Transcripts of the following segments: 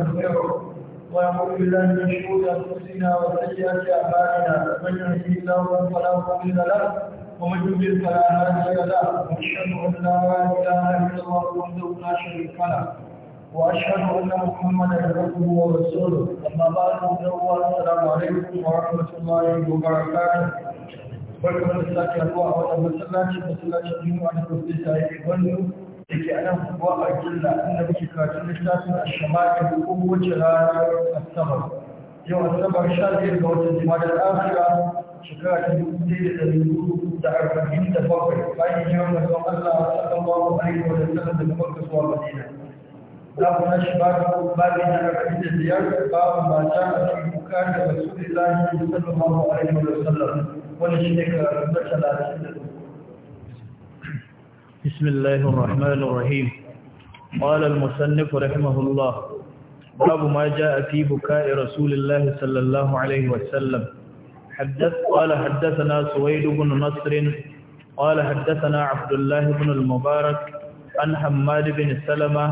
نستغفره ونعوذ بالله من شرور انفسنا وسيئات a من يهده الله فلا مضل له ومن يضلل فلا هادي له واشهد ان لا اله الا الله وحده لا شريك له واشهد ان محمدا عبده ورسوله اما بعد السلام عليكم ورحمه الله وبركاته Welcome to the Sakya Kua, what I'm going to say, I'm going to say, I'm going to say, I'm going to say, I'm going to say, I'm going to say, I'm going to say, I'm going to say, I'm going to say, I'm going to say, I'm going to say, I'm going to say, I'm yake ana kuwa a gilla inda muke karatun littafin a shamakin ko wace rana asabar yau asabar sha biyar ga watan jima'a da afirka shekara ta dubu ɗaya da dubu da arba'in da bakwai bayan jiran mazan allah sallallahu alaihi wa sallam daga makka zuwa madina za mu tashi babu babin na arba'in da biyar babu mata a cikin kuka da rasulullahi sallallahu alaihi wa sallam wani shi ne karatun da talatin da dubu بسم الله الرحمن الرحيم قال المصنف رحمه الله باب ما جاء في بكاء رسول الله صلى الله عليه وسلم حدث قال حدثنا سويد بن نصر قال حدثنا عبد الله بن المبارك عن حماد بن سلمة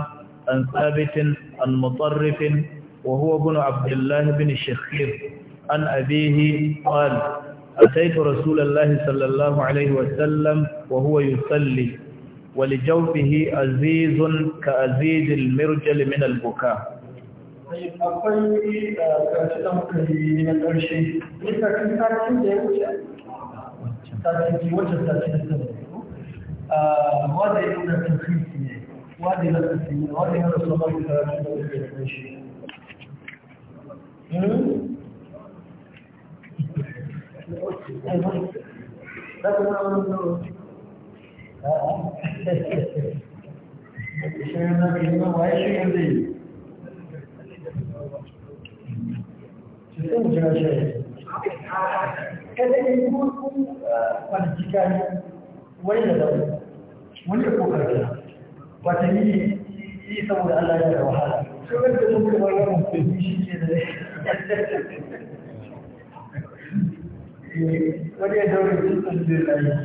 عن ثابت عن مطرف وهو ابن عبد الله بن الشخير عن أبيه قال أتيت رسول الله صلى الله عليه وسلم وهو يصلي ولجوفه أزيز كأزيز المرجل من البكاء طيب اقول لك ان انا كنت في shirin na ke nuna waye shirin zai yi cikin jira shirin kada yi gurgun kwanci kayi wani da zaune wani da kokar gina wata yi yi saboda allah ya da wahala shirin da shi da wani ya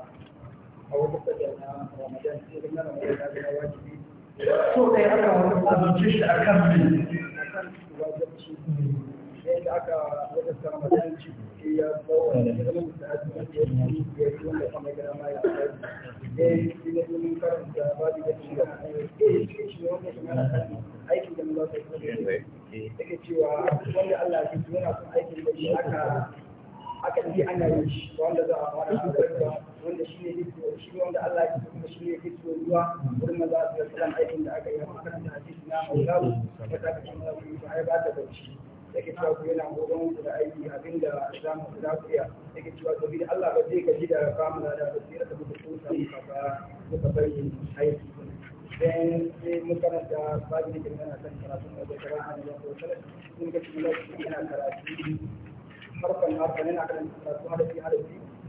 أو مقدم رمضان so ɗaya aka azance shi a kan mai wajabci yadda aka wajabta ramadan ya da da yi ya kuma shi shi ne wanda aikin da mu za su yi ke Allah aka aka ana yin shi Allah ya kuma shirye ta ciwo ruwa wurin maza su da sulan aikin da aka yi a karanta hadisi na maulawu da ta kashe maulawu da ya ba ta bauchi yake cewa ku yana gogon ku da aiki abin da za mu za ku iya cewa to da Allah ba zai gaji da kamu da da basira da muka tsosa muka ba muka aiki dan sai mun karanta babu da kana kan karatu da karatu da karatu sun ga cewa yana karatu farkon harkar yana karanta karatu da hadisi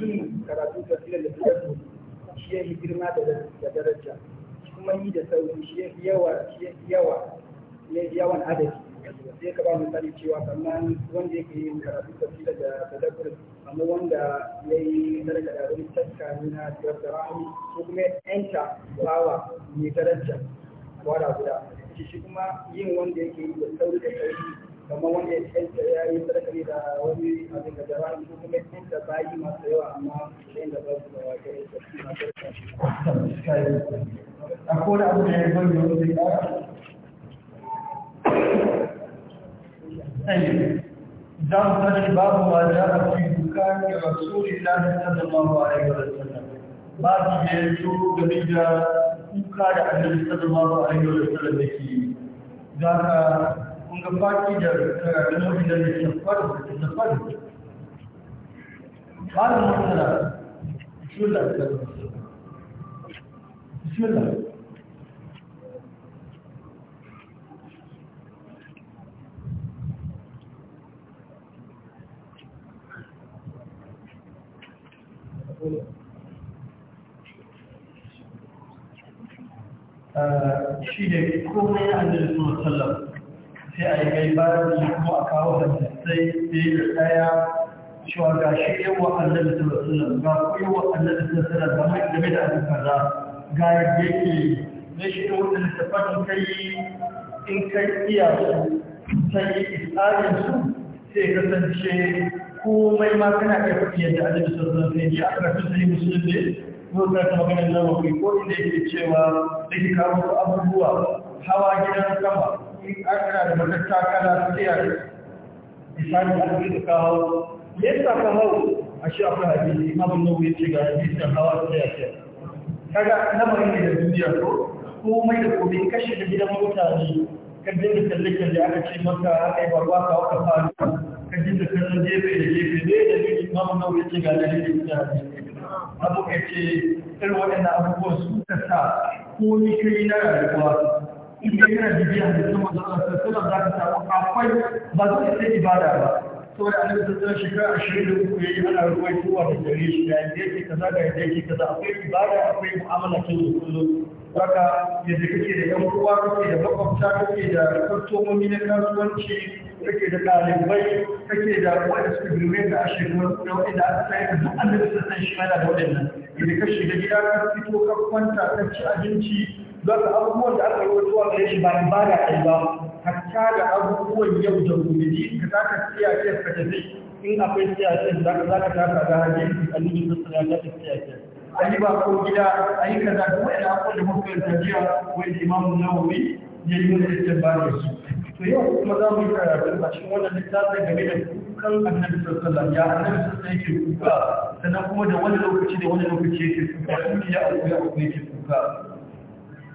Yi karatu da tafiyar da fitattu shi ya fi girma da daraja kuma yi da sauri shi ya fi yawa shi ya fi yawa ya fi yawan adadi sai ka ba misali cewa kamar wanda yake yin karatu da tafiyar da fitattu amma wanda ya yi daraja da wani taska na da rahami ko kuma yanta bawa mai daraja wara guda shi kuma yin wanda yake yi da sauri da sauri kamar wanda ya kanta ya yi sadakari da wani abin da jama'a ko kuma kanta bayi masu yawa amma yayin da ba su da wake da a abu da ya yi wani wani zai kara za mu tashi babu ma za a fi duka da rasulillahi sallallahu a wa sallam babu da ya zo game da kuka da annabi sallallahu alaihi wa sallam yake za ka Kunga ga faki da karatun wajen da ke faru da ke faru قال المرسلة بسم الله بسم الله shi ne komai an da suna sai a yi gaibari kuma a kawo hadisai sai da ɗaya cewa ga shi yawa annabi sallallahu ga ku yawa annabi sallallahu alaihi wasallam game da abin kaza ga yadda yake ne shi da wannan tafsirin kai in kai iya su sai isarin su sai kasance komai ma kana iya fi yadda annabi sallallahu alaihi wasallam ya aka tsari musulmi ko ta ta magana da mako ko inda yake cewa da kawo abubuwa hawa gidan sama Akana da wata takala tsayar misali da a shi ne da da kashi da gidan mutane kan da kalle da aka ce maka aka yi barwa ka waka faru kan da kallon da gefe ne da ne imam nawawi ya ce ga dalilin da hadisi abu ka ce irin waɗannan abubuwan su ka sa ni kai na rayuwa inda yana bibiya da sama da Allah sallallahu za ka samu akwai ba zai sai ibada ba saboda annabi sallallahu alaihi shekara ashirin da uku yayi ana ruwai kowa da gare shi da yadda yake kaza da yadda yake kaza akwai ibada akwai mu'amala ta yau kullum haka yadda kake da yan uwa kake da makwabta kake da kwastomomi na kasuwanci kake da ɗalibai kake da wanda suka girme da ashirin da wanda aka sai ka duk annabi sallallahu alaihi shekara da waɗannan yadda ka shiga gida ka fito ka kwanta ka ci abinci don abubuwan da aka rubuta a gare shi ba da ɗai ba hatta da abubuwan yau da gobe ka taka ce ka tafi in akwai siyasiyar da za ka taka da hadisi annabi sallallahu alaihi wasallam siya a yi ba ko gida a yi kaza kuma yana ko da mafi tafiya wani imam nawawi ya yi wani da ba da su to yau kuma za mu yi karatu a cikin wannan littafin game da kukan annabi sallallahu ya annabi sallallahu yake kuka sannan kuma da wani lokaci da wani lokaci yake kuka kuma ya ya akwai yake kuka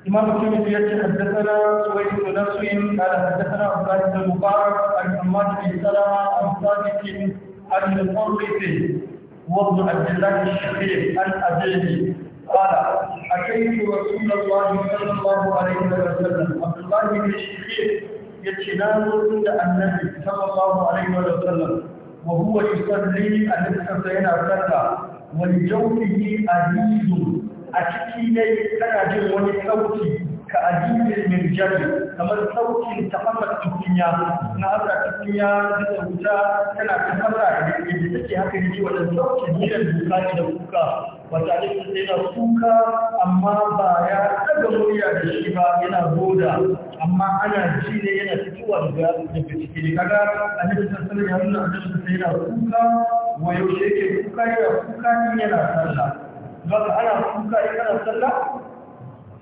إمام الترمذي يأتي حدثنا سويد بن نصر قال حدثنا عباد بن المبارك عن حماد بن سلمة عن صادق عن المنصف وابن عبد الله الشقيق عن أبيه قال أتيت رسول الله صلى الله عليه وسلم عبد الله بن الشقيق يتنازل عند النبي صلى الله عليه وسلم وهو يصلي أن يصلي أن يصلي ولجوفه أنيس a ciki ne kana jin wani sauki ka ajiye mai mirjali kamar ta tafasar tukunya na hasa tukunya da wuta tana ta tafasa da yadda take haka yake wadda sautin jiran duka da kuka wata ne sai na kuka amma ba ya daga murya da shi ba yana goda amma ana ji ne yana fitowa daga daga ciki ne kaga alifin ya nuna alifin na kuka wayo yaushe ke kuka ya kuka yana sallah baka ana kuka yi kana sallah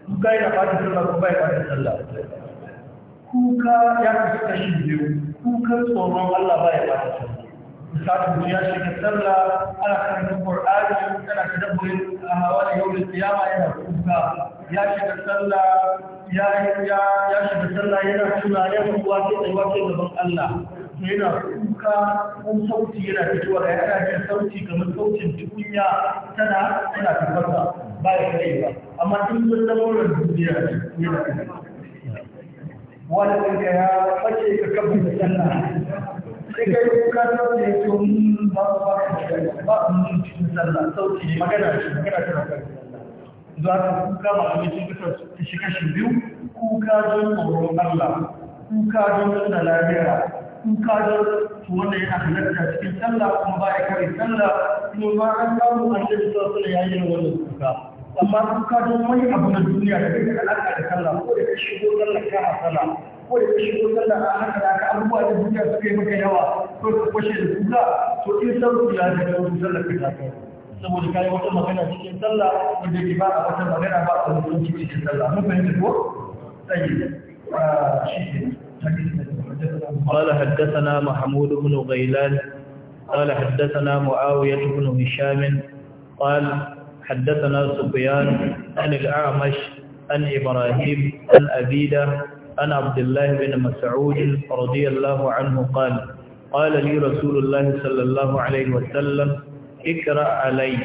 kuka yana fata sallah kuma ya fata sallah kuka ya kasu kashi biyu kukan tsoron Allah ba ya fata sallah misali mutum ya shiga sallah ana karanta Qur'ani kana tadabburin ahwal yawm al-qiyama yana kuka ya shiga sallah ya ya ya shiga sallah yana tunanin wace wato wace gaban Allah to yana kuka kuka ko sauti yana fitowa da yana jin sauti kamar sautin tukunya tana tana tabbata ba ya kai ba amma in sun zama wurin duniya yana fitowa wani daga ya fashe ka kafin da sannan sai kai kuka sauti ya ce mm, ba ba ba cikin sallah sauti ne magana ce magana tana kai za ka kuka ma sun kasa ta shiga shi biyu kuka don tsoron Allah kuka don tsoron lafiya kuka da wanda yana halatta cikin sallah kuma ba ya kare sallah kuma ba an samu annabi sallallahu alaihi wasallam yayin wannan suka amma kuka don wani abu na duniya da kake alaka da sallah ko da ka shigo sallah ka hasala ko da ka shigo sallah a haka da ka abubuwa da duniya suka yi maka yawa ko ka kwashe da kuka to in sauki ya ga wani sallah ka ta kai saboda kai wata magana cikin sallah wanda ke ba a wata magana ba a wani cikin sallah mun fahimta ko sai ah, shi ne hadisi قال حدثنا محمود بن غيلان قال حدثنا معاوية بن هشام قال حدثنا سفيان عن الأعمش عن إبراهيم عن أبيدة عن عبد الله بن مسعود رضي الله عنه قال قال لي رسول الله صلى الله عليه وسلم اقرأ علي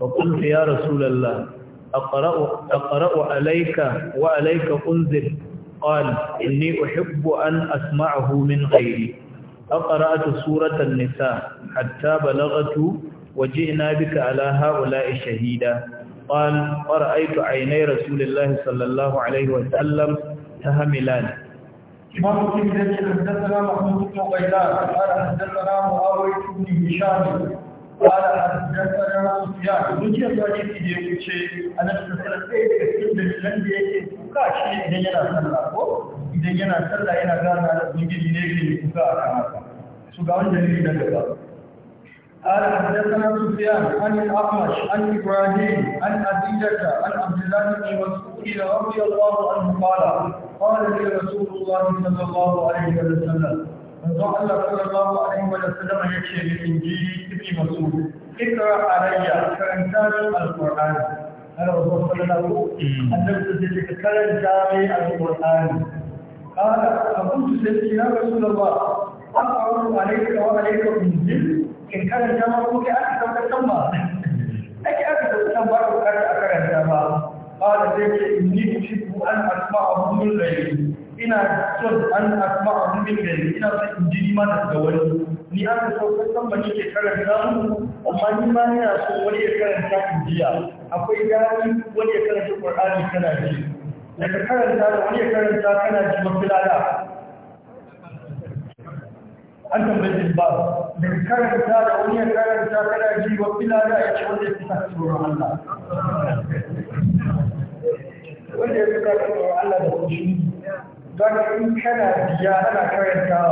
فقلت يا رسول الله أقرأ, أقرأ عليك وعليك أنزل قال إني أحب أن أسمعه من غيري أقرأت سورة النساء حتى بلغت وجئنا بك على هؤلاء شهيدا قال ورأيت عيني رسول الله صلى الله عليه وسلم تهملان إمام مسلم ذلك حدثنا محمود بن غيلان قال حدثنا معاوية بن هشام قال حدثنا سفيان مجيء الحديث da ya wuce a nan sassarar ɗaya daga cikin dalilan da yake kuka shi idan yana sallah ko idan yana sallah yana gana da ubangiji ne ke kuka a kan haka su ga wani dalili na an yi حدثنا an عن الاعمش an ابراهيم عن عزيزة عن wasu الله da مسعود رضي الله عنه قال قال لي رسول الله صلى الله عليه وسلم manzo Allah sallallahu alaihi wa sallam ya ce ni injili ibn mas'ud ikra alayya karanta alqur'ani ana wasu sallallahu mm. annabi sai ka karanta mai alqur'ani qala abu sai ya rasulullah aqra'u alayka wa alayka unzil in karanta ma ko kai aka saukar ma ake aka saukar ba ko aka karanta ba qala sai ce inni uhibbu an asma'a min ina son an asma a min gari ina son in ji nima daga wani ni an ka sauka kan ba ke karanta mu amma ni ma ina so wani ya karanta injiya akwai gani wani ya karanta ƙwararri kana ji daga karanta da wani ya karanta kana ji mafilala an tambaye ba daga karanta da wani ya karanta kana ji mafilala ya ce wanda ya fi sa tsoron Allah wanda ya fi sa tsoron Allah da kushi don in kana biya ana karanta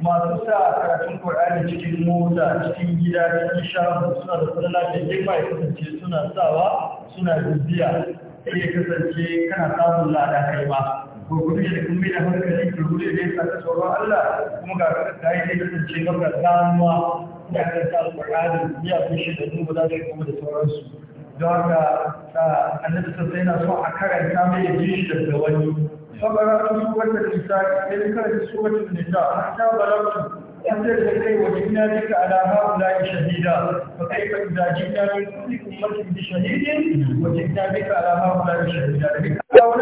masu sa karatun Qur'ani cikin mota cikin gida cikin shago suna da sallah da girma ya kasance suna sawa suna bibiya sai ya kasance kana samun lada kai ba ko kuma da kun mai da hankali ki rubuce da yasa ta tsoron Allah kuma ga ka yi da kasance ga damuwa da ka sa Qur'ani ya fi shi da duba da kuma da sauransu don haka annabi sosai na so a karanta mai ya ji shi daga wani fabara su wata nisa sai karanta su wata nisa har ta balabtu أنزل إليه وجئنا بك على هؤلاء شهيدا فكيف إذا جئنا من كل أمة بشهيد وجئنا بك على هؤلاء شهيدا قال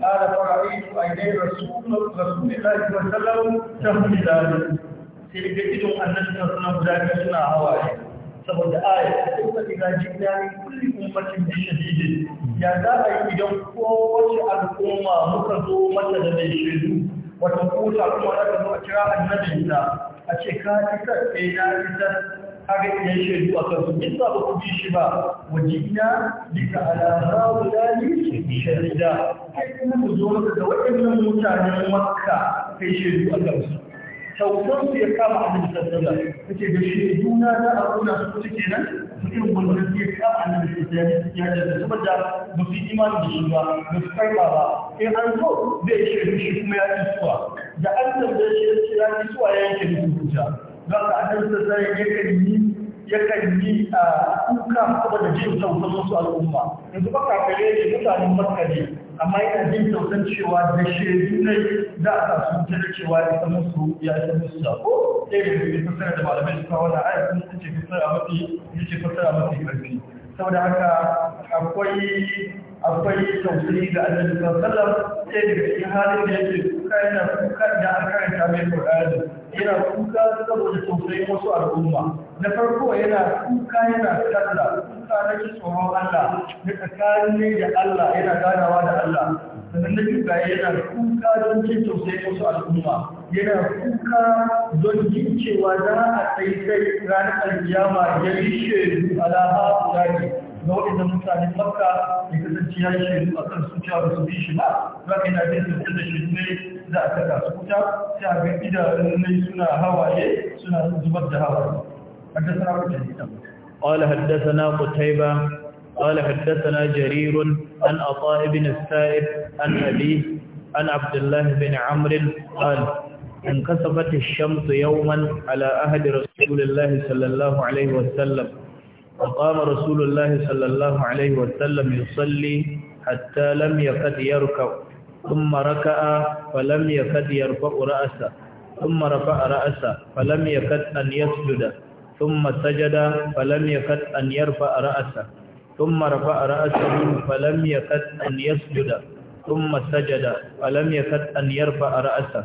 فرأيت عيني رسول رسول الله صلى الله عليه وسلم تهمدان سيدنا النبي صلى الله عليه وسلم ذلك سنة هوائي saboda aya ta kuma ina jina kulli ummatin bi shahidin ya za a yi idan kowace al'umma muka zo mata da mai shaidu wata kusa kuma aka zo a kira annabinta a ce ka isar ɗaya eh, na isar aga idan shaidu a kansu in ba ku ji shi ba wajina bisa alama wulani shahida kai kuma ku zo maka da waɗannan mutanen makka kai shaidu a kansu tausan su ya kama a sallallahu alaihi wasallam da shi juna za a auna su su kenan cikin wannan ya kama annabi sallallahu alaihi ya da saboda ba su imanin da shi ba ba su karba ba in an zo zai shaidu shi kuma ya yi suwa da an tambaye shi ya ce ya suwa ya yanke mutunta za ka annabi sallallahu alaihi ya kai yi yakan yi a ah, kuka kuma da jin tausan wasu al'umma yanzu ba ka kafare ne mutanen makka ne amma yana jin tausan cewa da shaidu ne za a sa su da cewa ya san musu ya san musu da ko irin da ke fassara da malamai suka wani ayat sun ce fassara mafi yake fassara mafi karfi saboda haka akwai akwai tausayi ga annabi sallallahu alaihi wasallam sai daga cikin halin da yake kuka yana kuka da aka karanta mai Qur'ani yana kuka saboda tausayin wasu al'umma na farko yana kuka yana sallah kuka na shi tsoron Allah na tsakanin ne da Allah yana ganawa da Allah sannan na kuka yana kuka don sai tausayin wasu al'umma yana kuka don jin cewa za a sai ranar alkiyama ya yi shaidu alaha kurani ga waɗanda mutane makka ya kasance ya yi shaidu a kan su cewa su bi shi ba za ka yana bin sauke da shaidu ne za a saka su wuta sai a ga idanun suna hawaye suna zubar da hawaye قال حدثنا قتيبة قال حدثنا جرير عن عطاء بن السائب عن أبيه عن عبد الله بن عمرو قال انكسفت الشمس يوما على أهد رسول الله صلى الله عليه وسلم وقام رسول الله صلى الله عليه وسلم يصلي حتى لم يكد يركع ثم ركع فلم يكد يرفع رأسه ثم رفع رأسه فلم يكد أن يسجد ثم سجد فلم يكد أن يرفع رأسه ثم رفع رأسه فلم يكد أن يسجد ثم سجد فلم يكد أن يرفع رأسه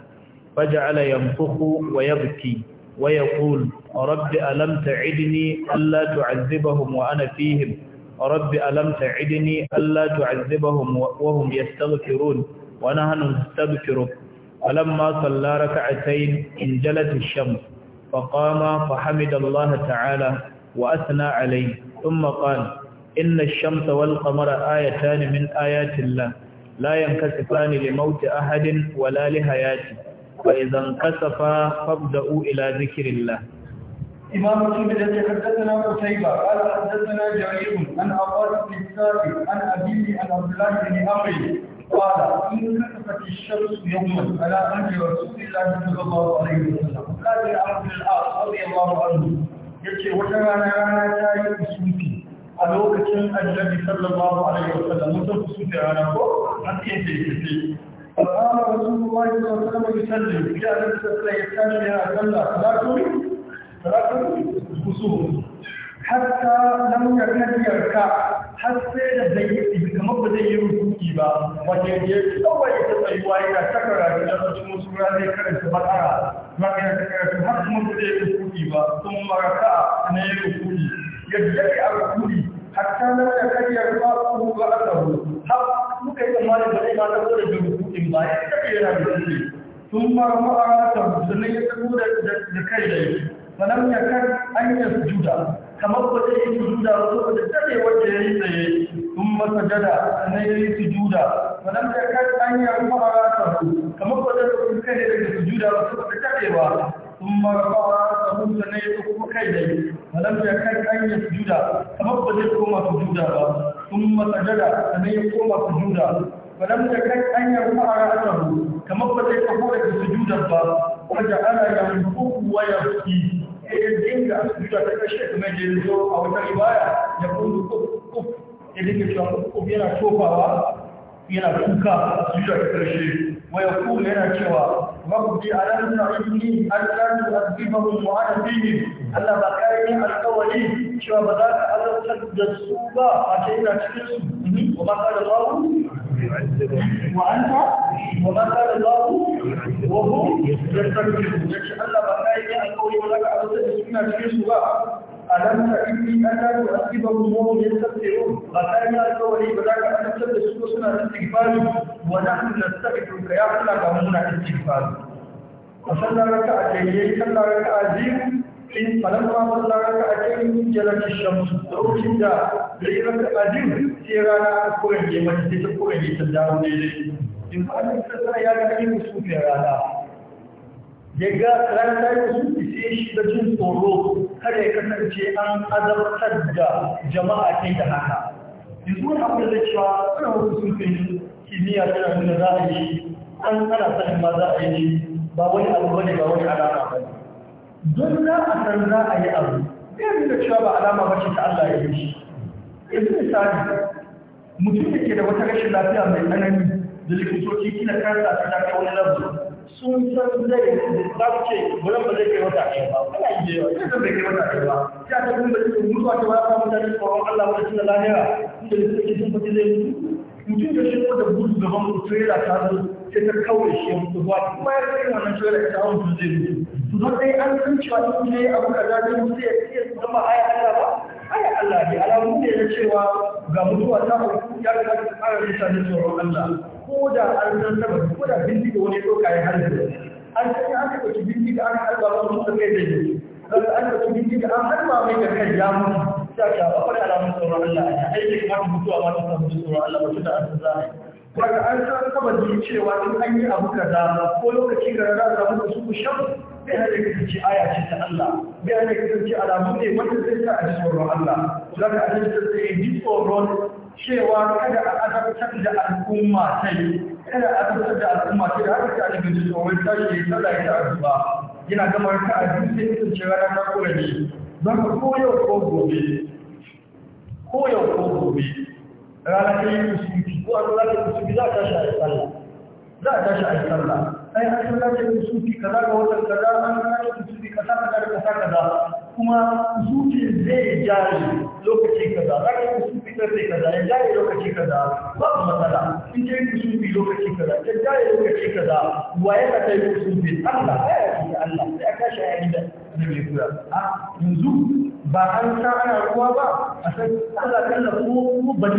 فجعل ينفخ ويبكي ويقول رب ألم تعدني ألا تعذبهم وأنا فيهم رب ألم تعدني ألا تعذبهم وهم يستغفرون ونحن نستغفرك فلما صلى ركعتين انجلت الشمس فقام فحمد الله تعالى وأثنى عليه ثم قال إن الشمس والقمر آيتان من آيات الله لا ينكسفان لموت أحد ولا لحياته وإذا انكسفا فابدأوا إلى ذكر الله إمام الذي حدثنا قتيبة قال حدثنا جرير عن أباس بن عن أبيه عن عبد الله بن أمري قال إن كتفت الشمس يوما على أمر رسول الله صلى الله عليه وسلم قال يا عبد العاص رضي الله عنه يكي وترانا رانا تاي بسوتي a lokacin annabi sallallahu alaihi wasallam mutum su ta rana ko an ce ce ce Allahumma rasulullahi sallallahu alaihi wasallam ya sallu ya sallu ya sallu salatu salatu kusuhu hatta lam yakad ka har sai da zai yi kamar ba zai yi rukuki ba wajen wace ya kawai ta tsayuwa yana ta karatu da wasu musu zai karanta bakara ba ya ta karatu har kuma ba zai yi rukuki ba sun maraka na yi rukuki yadda ya a rukuki hatta lam yakad yarka ko ba a tsaro har muka yi tsammanin ba zai ma ta da rukukin ba ya ta yana rukuki sun fara ma'ara ta sannan ya tsaro da kai da yi sannan ya kan an yi yasjuda kamar ba zai yi sujuda ba saboda dade wanda ya tsaye sun masa jada na ya yi sujuda wannan da kai an yi an fara ta kamar ba zai yi kai daga sujuda ba saboda dade ba sun mara fara ta mutu ne ya kuma kai da yi wannan da kan an yi sujuda kamar ba zai koma sujuda ba sun masa jada na ya koma sujuda wannan da kan an yi fara ta kamar ba zai kafa daga sujuda ba wanda ana yanzu kuwa ya fi ya dinga zuwa ta kashe kamar da ya zo a wata ribaya ya kundu kuf ya dinga cewa kuf yana tofawa yana kuka zuwa ta kashe wa yakulu yana cewa mabdi alanna ibni allatu azibahu wa'ada fihi Allah ba kai ni alqawli cewa ba za ka alantar da su ba a cikin cikin su mhm. wa ma ka da zawu wa anta wa ma ka da zawu wa hu yastaqbilu Allah ba kai ni alqawli wa za ka alantar da su ba ألم تأتي أن تؤدبهم وهم يستطيعون غفانا الكوري وذاك أن تبدأ سوسنا الاستغفار ونحن نستغفرك يا الله كمنا الاستغفار وصلى لك أجيب صلى لك أجيب in falamma ballara a cikin jalaki shamsu lokacin da rirar da ajin sai rana aka kurege mace sai ta kurege ta dawo daidai in ba ta sa ya ga yin musu rana ya ga rana ta yi musu sai shi da jin tsoro kada ya kasance an azabtar da jama'a kai da haka yanzu wani abu da zai cewa ana wasu fi kimiyya tana nuna za a yi an ana sanin ma za a yi ba wani abu bane ba wani alama ba don za a san za a yi abu zai nuna cewa ba alama ba ce ta Allah ya yi shi yanzu misali mutum da ke da wata rashin lafiya mai tsanani da likitoci kina kansa ta ta wani lafiya sun san zai za su ce wurin ba zai kai wata ɗaya ba kana yi yawa zai zai kai wata ɗaya ba ya ta kuma da cikin mutuwa ta wata mutane tsoron Allah wata cikin lahira inda da suke sun fati zai mutu mutum da shi da gudu gaban trailer ta zo sai ta kawai shi mutu ba kuma ya kai wannan trailer ta mutu zai mutu to dai an san cewa in ne abu kaza zai mutu ya iya zama aya Allah ba aya Allah ne alamu ne na cewa ga mutuwa ta hau ya ga ta fara nisa da tsoron Allah ko da an san tabbas ko da bindi da wani doka ya halalla an san an ka ɗauki bindi an halba ba mun san kai da shi dan an ɗauki bindi da an halba mai da kai ya mutu sai ka ba fara alamun tsoron Allah ya aiki kamar mutuwa ma ta samu tsoron Allah ba tunda an san zai wanda an san tabbas cewa in an yi abu kaza ko lokaci da za a samu su shan bai hana kasance aya ce ta Allah bai hana kasance alamu ne wanda zai sa a tsoron Allah zaka a cikin sai ji tsoron cewa kada a azabtar da al'umma sai kada a azabtar da al'umma sai da haka sai a nufin tsoron tashi ya yi sallah ya addu'a yana gama raka a duk sai ita ce rana ta kura ne don ka koyar ko gobe koyar ko gobe rana ta yi musulunci ko a zuwa ta musulunci za a tashi a yi sallah za a tashi a yi sallah ai an san da ta yi musulunci kaza ga watan kaza an san za ta yi musulunci kaza kaza kaza kaza kuma zuci zai jari lokacin kaza za ka yi musulunci karfe kaza ya jaye lokaci kaza babu matsala in kai kusurfi lokaci kaza jaye lokaci kaza wa ya ka kai Allah ya yi da Allah sai aka shi ayi da mai kura a yanzu ba an sa ana ruwa ba a san Allah kalla ko ko ka a ruwa ba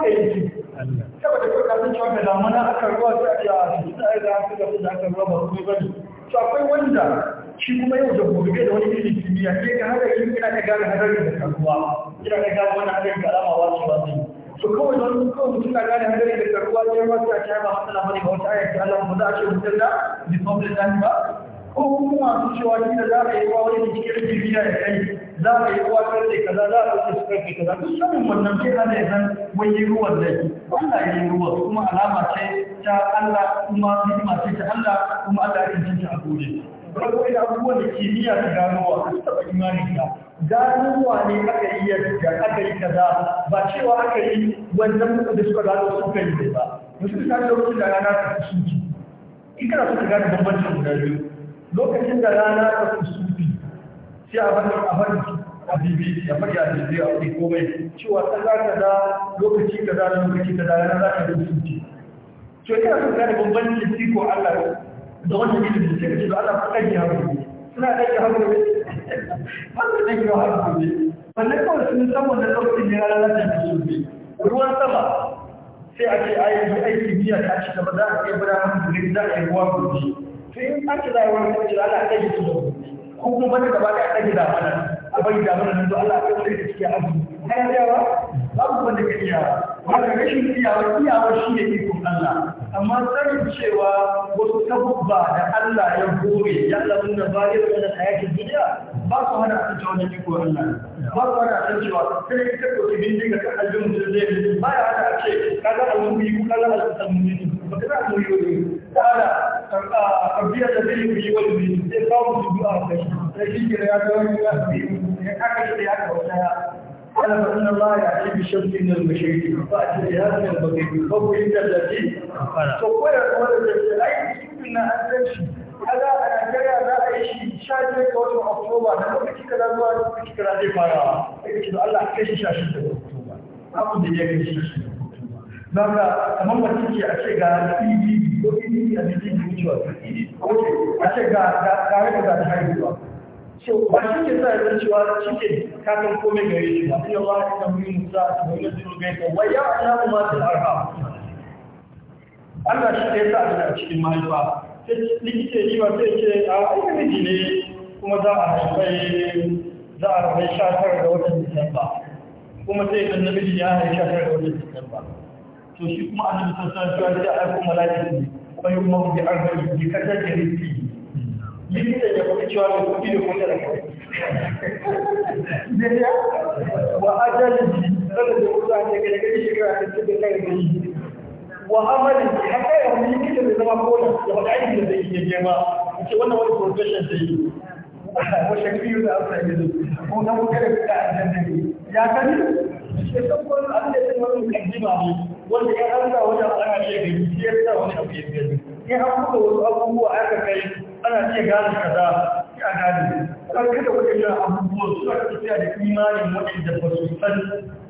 ka yi shi saboda ko ka san cewa da ruwa sai a ce a su da aka ruwa ba ba to akwai wanda shi kuma yau da gobe da wani irin kimiyya ke ka haɗa hadarin ina ta gane hadari da karuwa ina ta gane wani hadari da alama wasu ba zai to kawai don kawai mutum na gane hadari da karuwa ya yi ma ta ta ba matsala bane ba wata ayar da Allah ba za a ce mutum da bi public life ba ko kuma su cewa ni da za ka yi wa wani cikin kimiyya ya kai za ka yi wa kan da kaza za ka yi karfe kaza duk sanin wannan sai ana ya san wani ruwan zai Allah ya yi ruwa kuma alama ce ta Allah kuma ni'ima ce ta Allah kuma Allah ya cinta a gode gano wani abubuwan da kimiyya ta ganowa an taɓa imanin ka ganowa ne aka yi yadda aka yi kaza ba cewa aka yi wannan da suka gano suka yi ba mutum ta lokacin da rana ta kusurci in kana so ka gane bambancin guda biyu lokacin da rana ta kusurci sai a bari a bari a bibi a bari a bibi a wani komai cewa ta za ka da lokaci ka za lokaci ka da rana za ka da kusurci to ina so ka gane bambancin iko Allah da wannan ilimin sai kace da Allah ka dage hagu suna dage hagu ne ba su dage hagu ne wannan kawai sun san wannan lokacin ne ranar da su ne ruwan sama sai a ce ai aiki biya ta ci gaba za a bada mun da za a yi ruwa gobe to in an ci za a yi wani Allah ka dage su da gobe kuma da gaba da dage da mana a bai da mana nan to Allah ka dage su ke azu kana ba babu wanda ka iya wannan rashin iyawa iyawa shi ne ikon Allah amma sanin cewa wasu tabubba da Allah ya gobe ya Allah nuna bayar da hayakin duniya ba su hana a cewa da ko Allah ba su hana a cewa sai ka ɗauki bindiga ka aljin da zai yi ba ya hana a ce kaga yi ko kaga alwuri ba ka za yi muri ta tsara karbiya da zai yi wani biyu sai kawo su a kai sai shi kira ya ga wani ya ya kaka shi da ya kawo daya ana sanin Allah ya ce bi shan sinin da shi ke ba a ce ya sanin ba zai ba ku yi tallafi to koya kuma da jirgin ai cikin na adalci kada a Najeriya za a yi shi sha biyar ga watan Oktoba da kuma kika da zuwa da kika da zai fara sai kika Allah kai shi sha shi da Oktoba abu da ya kai shi shi da Oktoba don ka kamar mace a ce ga EDB ko EDB a cikin mutuwa ko a ce ga ga ga ga ta haihuwa ba shi ke sa ran cewa cike ka san komai gare shi ba sai Allah ya san min sa wa yuzuru bayka wa ya'lamu ma fil an Allah shi ke sa a cikin mahaifa sai likita yi ba sai ce a aika miji ne kuma za a haifai za a rabai sha tara da watan Disamba kuma sai kan namiji ya haifi sha tara da watan Disamba to shi kuma annabi sallallahu alaihi wasallam ya kuma yi kuma yumahu bi arba'i bi kadar rizqi likita ya faɗi cewa mai kuɗi da kuma da zai ya wa ajalin sanar da mutane ga daga shekara ta cikin kan gari wa amalin haka ya wani likita mai zama kola ya faɗi aiki da zai iya nema ce profession yi wa da amsa ya zai da ya kani shi an da ya wani ya hanza wajen ana shekaru shi ya sa wani abu ya gani ya abubuwa aka kai ana iya gane kaza a gane kan kada waɗannan abubuwan suna tafiya da imanin waɗanda ba su san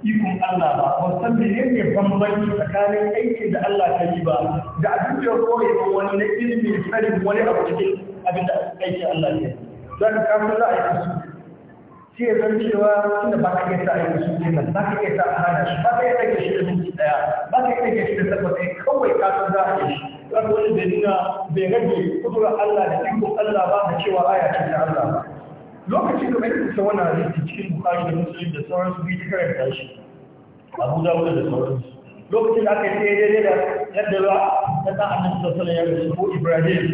ikon Allah ba ba san da yake bambanci tsakanin aikin da Allah ta yi ba da abin da ya koya ba wani na sanin wani abu cikin abin da aikin Allah ne za ka kafin za a yi kasu sai ya zan cewa tunda ba ka iya sa a yi su kenan ba ka iya sa a hana shi ba ka iya rage shi da minti daya ba ka iya rage shi da tabbata kawai ka san za a yi shi zan wani da nuna bai rage kudurar Allah da ikon Allah ba da cewa aya ce ta Allah ba lokacin da mai kusa wani hadisi cikin bukari da musulun da sauransu bi ta karanta shi abu da da sauransu lokacin da aka yi daidai da yadda ba na ɗan annabi sallallahu alaihi wasallam ko Ibrahim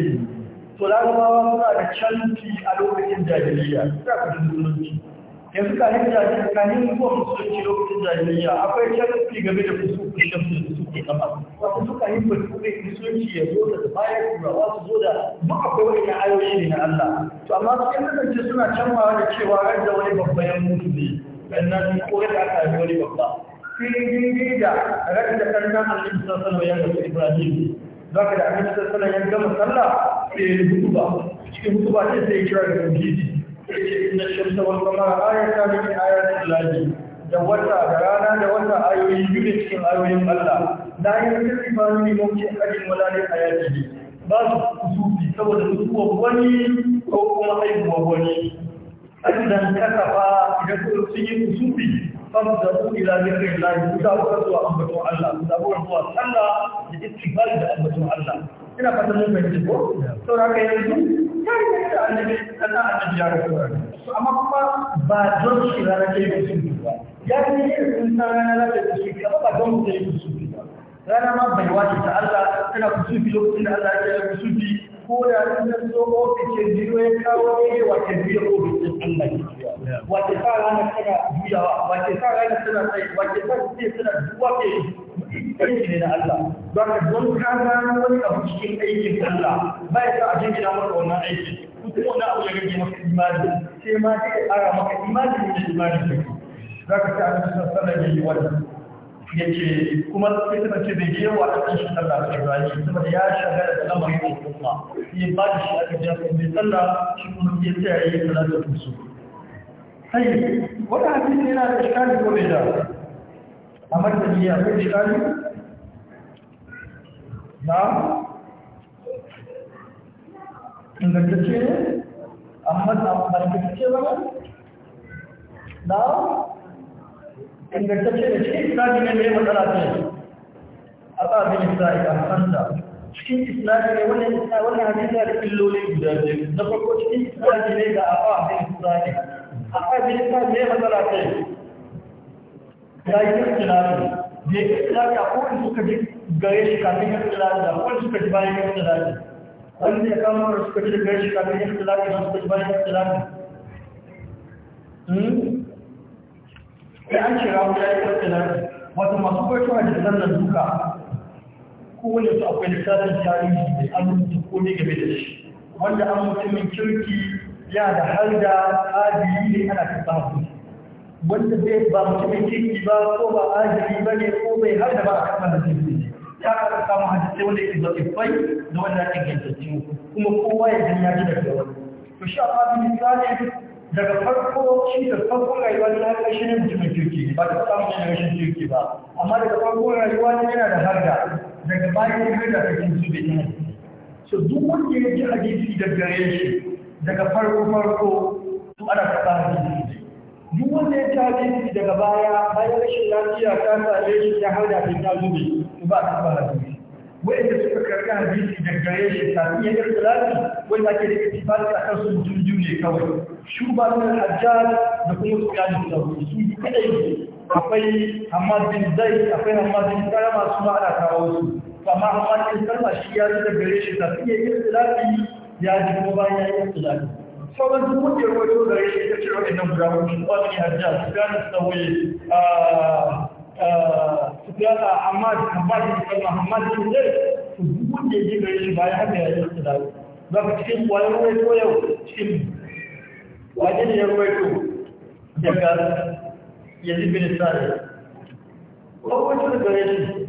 to larabawa suna da canci a lokacin jahiliya suna da musulunci yanzu kanin jahiliya kanin zuwa ci lokacin jahiliya akwai sharafi game da fusuku shafi da suke kafa wasu suka yi fusuku musulunci ya zo da bayan turawa su zo da duk akwai wani ayoyi ne na Allah to amma su yan kasance suna canwa da cewa har da wani babban ya mutu ne sannan ko da aka yi wani babba sai daidai da ran da karnan annabi sallallahu alaihi wasallam ya Ibrahim zaka da annabi sallallahu alaihi ya gama sallah sai ya hutuba cikin hutuba sai ya kira da tauhidi إن الشمس والقمر آيتان من آيات الله da wata da rana da wata ayoyi biyu da cikin ayoyin Allah na yi rikin imanu ne mafi ajin wala ne a yaki ne ba su sufi saboda mutuwa wani ko kuma haihuwa wani ajiyar kasafa idan kuma sun yi sufi famsa su ila Allah sallah da istighfar da ambaton Allah ina fata mun fahimci ko ka yi yanzu ya ne da annabi Allah annabi ya rasu to amma kuma ba don shi rana ke yi su ba ya yi ne sun san rana da su shi ba don su yi su ba rana ma bai wace ta Allah tana kusufi lokacin da Allah ya yi kusufi ko da sun zo ofishin biyo ya kawo ne wa ke biyo ofishin Allah ne wace sa ranar tana juyawa wace sa ranar tana tsaye wace sa ce tana duwafe aiki ne na Allah ba ka don ka gano wani abu cikin aikin Allah ba ya sa a jin gina maka wannan aikin kuma wani abu ya rage maka imani sai ma sai ya ƙara maka imani da imani da za ka ta abin sun sanar da yi wannan ya ce kuma sai ta ce bai je wa a kan shi sallah ta ibrahim saboda ya shagala da lamarin al'umma ya ba da shi aka jasa mai sallah shi kuma ya tsaya ya yi sallah da su wani hadisi yana da shikali ko bai da a martani akwai shikali na ingantacce ne amma na ingantacce ba na ingantacce da cikin islami ne mai matsala ce a tsabin isra'i a sanda cikin islami ne wannan hadisi da illolin guda biyu na farko cikin islami ne da a a ajiyar matsala ta yi ya yi kirkirari da ya kirkirari a suka da suka wanda suka ji da suka an shira ya masu duka akwai game da shi wanda an mutumin kirki ya da har da ajiyi ne ana karɓa su wanda zai ba mu cikin kirki ba ko ba ajiyi ba ne ko bai har da ba a kasar da jirgin ya kasa samun sai wanda yake zaɓi fai da wanda ake gantattu kuma kowa ya gani ya ji daga wani to shi a misali daga farko shi da farko rayuwa ne na shi ne mutumin kirki ba da samun shi rashin kirki ba amma daga farko rayuwa ne yana da har da. daga bayan harda ta kinsu bai yi so duk wanda ya ji hadisi da gare shi daga farko farko su ana taɓa hadisi duk wanda ya ta daga baya bayan rashin lafiya ta same shi ya hada da ta zube to ba fara taɓa wai da suka karɓi hadisi da gare shi ta ya karɓi lafi wanda ake da ittifaqi a kan su mutum biyu ne kawai na hajjar da kuma su kaji sauri su yi kadai akwai hamad bin zai akwai hamad bin karama su ma ana kawo su amma hamad bin karama shi ya zai da gare shi ta iya da lafi ya ji kuma bayan ya yi ikhtilafi sauran duk wanda ya wato da ya ita ce wa'annan guda hudu ba ne su gane su sauye su gane amma da kamar kalma amma da su zai su duk ya ji gare shi bayan haka ya yi ikhtilafi za ka cikin kwayar wato yau cikin wajen ya wato daga yanzu bin sare ko wato da gare shi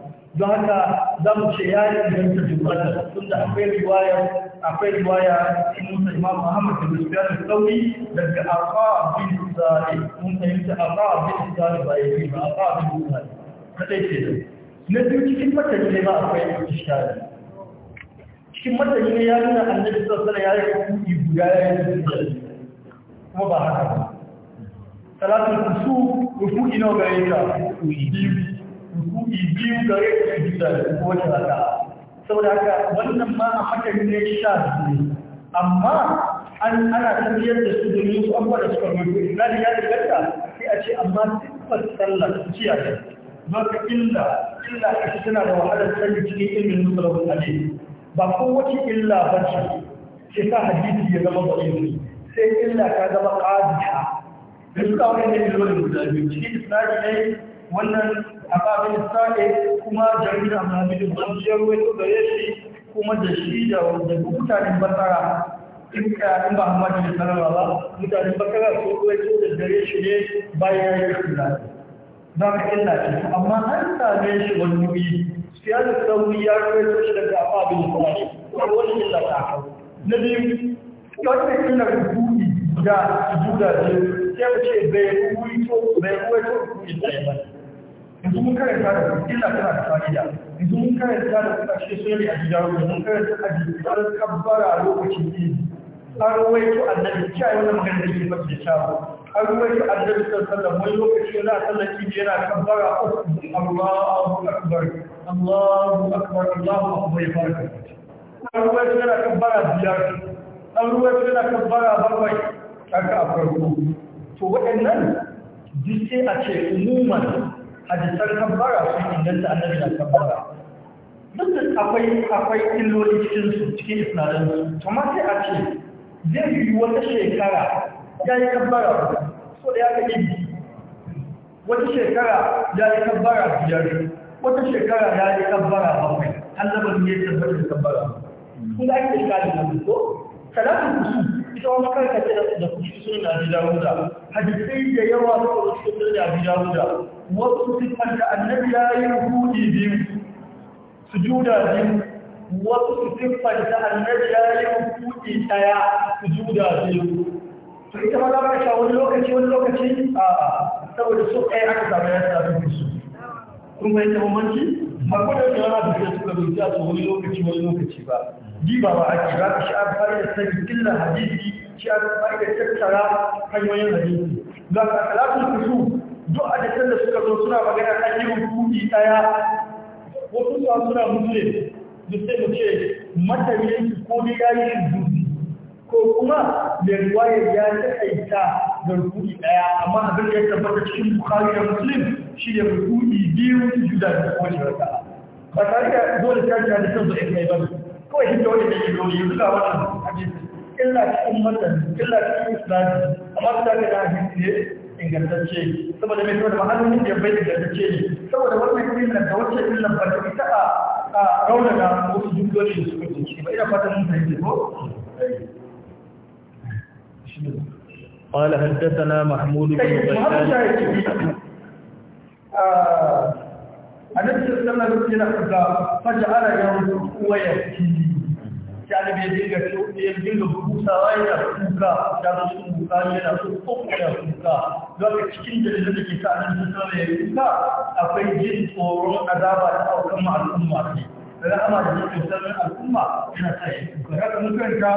don haka za mu ce ya yi ganta jumlatar tun da akwai riwaya akwai riwaya in musa imam muhammad da musulman da sauri daga afa abin zari mun fahimta afa abin zari ba ya yi ba afa abin zari ce da na biyu cikin matan ne ba akwai cikin matan ne ya nuna annabi sassana ya yi kuɗi guda ya yi kuma ba haka ba salatul kusu rufu ina ga yi biyu kuɗi biyu gare da su da kowace raka saboda haka wannan ma a hakan ne sha biyu amma an ana tafiyar da su domin su abuwa da suka rubu islami ya danganta sai a ce amma siffar sallar jiya ne don ka illa illa a shi tana da wahalar sani cikin ilmin musulun ale ba kowace illa ba ce sai sa hadisi ya zama ba ilmi sai illa ta zama ƙadiya da suka wani ne ilmi da biyu cikin islami ne wannan a bin sa'e kuma jami'in hamadu ban ya ruwaito gare shi kuma da shi da mutanen basara in ka in ba hamadu da sarara ba mutanen basara sun ruwaito da gare shi ne bayan ya yi kula za ka illa ce amma an same shi wani wuri siyar da sauri ya ruwaito shi daga a bin sa'e wani wani illa ta hau na biyu wata illa rubuni da juda ce sai mu ce bai ruwaito bai ruwaito rubuni da ya bane yanzu mun karanta da kuma illa tana da fa'ida yanzu mun karanta da kuma shi sole a gida wanda mun karanta a gida kabbara a lokacin idi an ruwaito annabi kiyaye wannan magana da ke mafi da kyawu an ruwaito annabi sallallahu wani lokaci yana sallan idi yana kabbara uku Allahu akbar Allahu akbar Allahu akbar ya fara karanta an ruwaito yana kabbara biyar an ruwaito yana kabbara bakwai haka a farko to waɗannan duk sai a ce umuman hadisan kabbara sun inganta annabi na kambara. duk da akwai akwai illoli cikin su cikin isnadin su to sai a ce zai yi wata shekara ya yi kambara ba. so da ya ka ibi wata shekara ya yi kabbara biyar wata shekara ya yi kabbara bakwai annaban ne ya tabbata da kabbara kun ga ake shiga da nan ko salatu kusu ita wani karkace da kusu sunan da abu da. hadisai da yawa suka wasu sunan da abu da. wasu siffanta annabi ya yi rukuni biyu su juda biyu wasu su siffanta annabi ya yi rukuni ɗaya juda biyu to ita ma za ka sha wani lokaci wani lokaci a saboda su ɗaya aka samu ya sami su kun mai tsammanci ba ko da yawa da ke suka rubuta a wani lokaci wani lokaci ba Ji ba ake ba shi ka sha'ar fa'idar sani illa hadisi fara fa'idar tattara hanyoyin hadisi ga ka salatul kusur duk a jikin da suka zo suna magana an yi hukumi ɗaya wasu sa suna musulun da sai mu ce su ko dai ya yi ko kuma da ruwaye ya aita ga rukuni ɗaya amma abin da ya tabbata cikin bukari da musulun shi ne rukuni biyu su juda da kowace raka ba tare da dole ta da hadisan zo kai ba kawai shi ta wani da ke dole yanzu ga wannan hadisi illa cikin matan illa cikin islami amma su ta ga da hadisi ne ingantacce saboda mai saboda mahallin bai ingantacce ne saboda da wacce ba ta a raunana wasu jumloli da suka jinci ba ina fatan mun fahimta ko قال حدثنا محمود بن فجعل يعني busawa yana kuka ta zo cikin kuka yana so kuka yana kuka don cikin dalilin da ke sa an sun sama ya kuka akwai jin tsoron azaba ta aukan ma al'umma ne rahama da jin tsoron al'umma yana sa ya kuka haka mutunta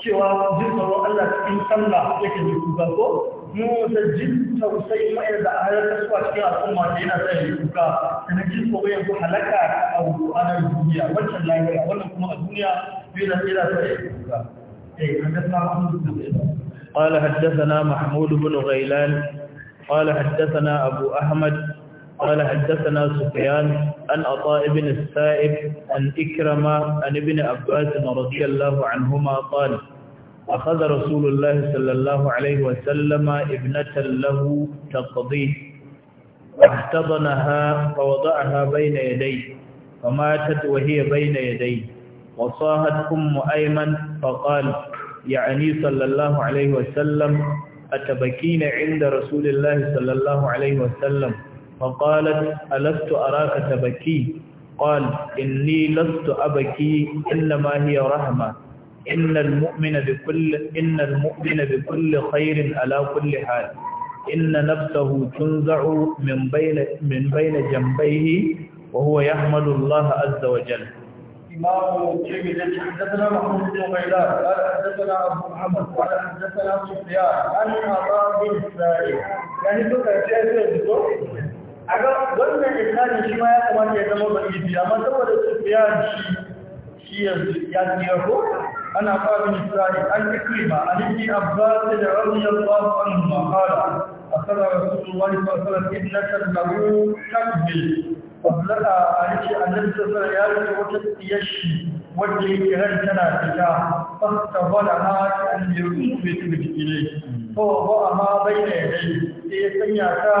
cewa jin tsoron Allah cikin sallah yake ji kuka ko mu da jin tausayi mai da ayar kasuwa cikin al'umma da yana sa ya kuka da na jin tsoron yanzu halaka a ranar duniya wancan lahira wannan kuma a duniya bai da tsira sa ya kuka قال حدثنا محمود بن غيلان قال حدثنا أبو أحمد قال حدثنا سفيان عن عطاء بن السائب عن إكرم عن ابن عباس رضي الله عنهما قال أخذ رسول الله صلى الله عليه وسلم ابنة له تقضيه واحتضنها فوضعها بين يديه فماتت وهي بين يديه وصاهت أم أيمن فقال يعني صلى الله عليه وسلم أتبكين عند رسول الله صلى الله عليه وسلم فقالت ألست أراك تبكي قال إني لست أبكي إنما هي رحمة إن المؤمن بكل إن المؤمن بكل خير على كل حال إن نفسه تنزع من بين من بين جنبيه وهو يحمد الله عز وجل الإمام الترمذي حدثنا محمود بن غيلان قال حدثنا أبو محمد قال حدثنا سفيان عن أبا بن يعني duka ce zai fito a ga wannan isnadin shi ma ya kamata ya zama barkiti amma saboda Sufyan shi shi yanzu ya tsira ko ana fara misali an ikrima an ibn Abbas radiyallahu anhu qala akala Rasulullahi sallallahu alaihi wasallam ibnatan Abdullahi a yake annabi sallallahu ya rike wata tsiyashi wadda yake ran tana fita fasta wala ha ta an yi rufe ta biki ne ko ba amma bai da yadda sai ya sanya ta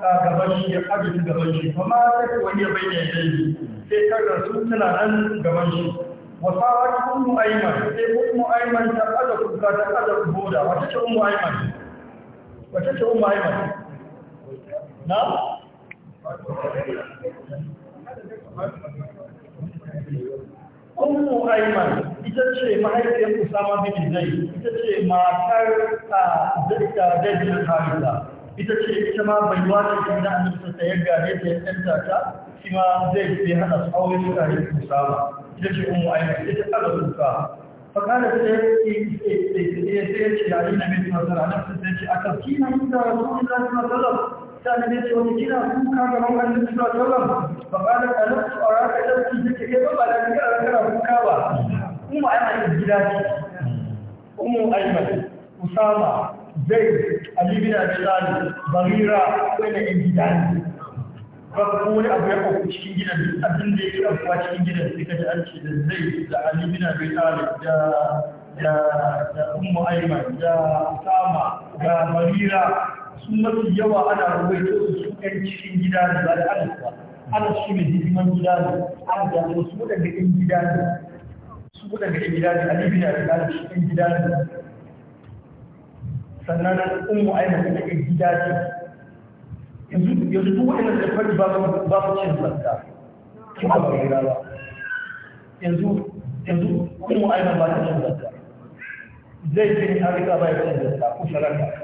a gaban shi ya aje ta gaban shi kuma ta wani bai da yadda sai ta rasu tana nan gaban shi wasawar ummu aiman sai ummu aiman ta aza kuka ta aza boda wata ce ummu aiman wata ce ummu aiman na Ummu Aiman ita ce mahaifiyar Usama bin Zaid, ita ce matar Zaid da bin Harisa. Ita ce ita ma bai wace shi da an ta sayar gare ta ya tsanta ta, shi ma zai hada su aure su tare Usama. Ita ce Ummu Aiman, ita ta da Fakana ce ya ce ya ce yi ce ya ce ya ce ya ce ya ce ya ce ya sannan ya ce wani kina kuka ga man annabi sallallahu alaihi wasallam fa qala alaqtu araka da take ke ba da a araka kuka ba umma ana da gida ce ummu aiman usama zaid ali bin abi talib barira wanda in gida ne ba ko wani abu ya kawo cikin gidan abin da yake abuwa cikin gidan sai ka ji an ce da zaid da ali bin abi talib da da da ummu aiman da usama da barira su mafi yawa ana rubaito su su ɗan cikin gida ne ba da alfa ana su ne hidiman gida ne an da su waɗanda ɗan gida ne su waɗanda ɗan gida ne alibi na da ɗan cikin gida ne sannan in mu aina da ɗan gida ne yanzu yanzu duk waɗanda da fari ba ba su cin zarta kuma ba gida ba yanzu yanzu in mu aina ba ta cin zarta zai ce ni an riƙa ba ya cin zarta ko sadaka